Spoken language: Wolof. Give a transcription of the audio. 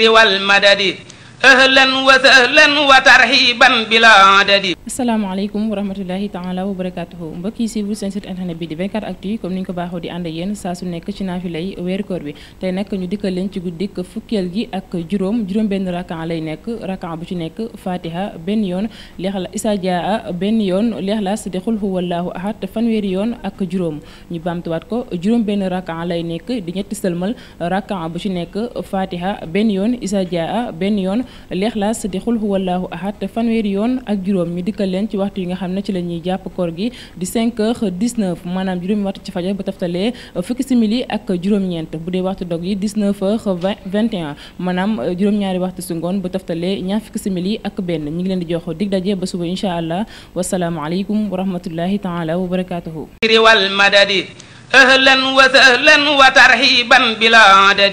wal madadi ahlan wa sahlan wa tarhiban bila adadi asalaamaaleykum wa rahmatullahi taala wa barakaatuhu mbokk yi si vous seen site internet bi di 24 actu yi comme ni ñu ko baaxoo di ànd ak yéen saa su nekk ci naafila yi weeru koor bi tey nag ñu dikkal leen ci guddik fukkeel gi ak juróom juróom benn rakan lay nekk rakan bu ci nekk fatiha benn yoon leexla isa jaa benn yoon leexlaas di xul huwallaahu ahad fanweeri yoon ak juróom ñu baamtuwaat ko juróom benn rakan lay nekk di ñetti sëlmal rakan bu ci nekk fatiha benn yoon isa jaa benn yoon leexlaas di xul huwallaahu ahad fanweeri yoon ak juróom ñu dikkal leen ci waxtu yi nga xam ne ci la jàpp koor gi di 5 heures 19 waxtu ci fajar bu taftalee fukki ak juróom-ñeent bu dee waxtu dog yi 19 heures juróom-ñaari waxtu si ngoon bu taftalee ñaar fukki simili ak benn ñu ngi leen di jox dig daje ba suba incha allah wa rahmatullahi taala wa barakaatuhu. wa sahlan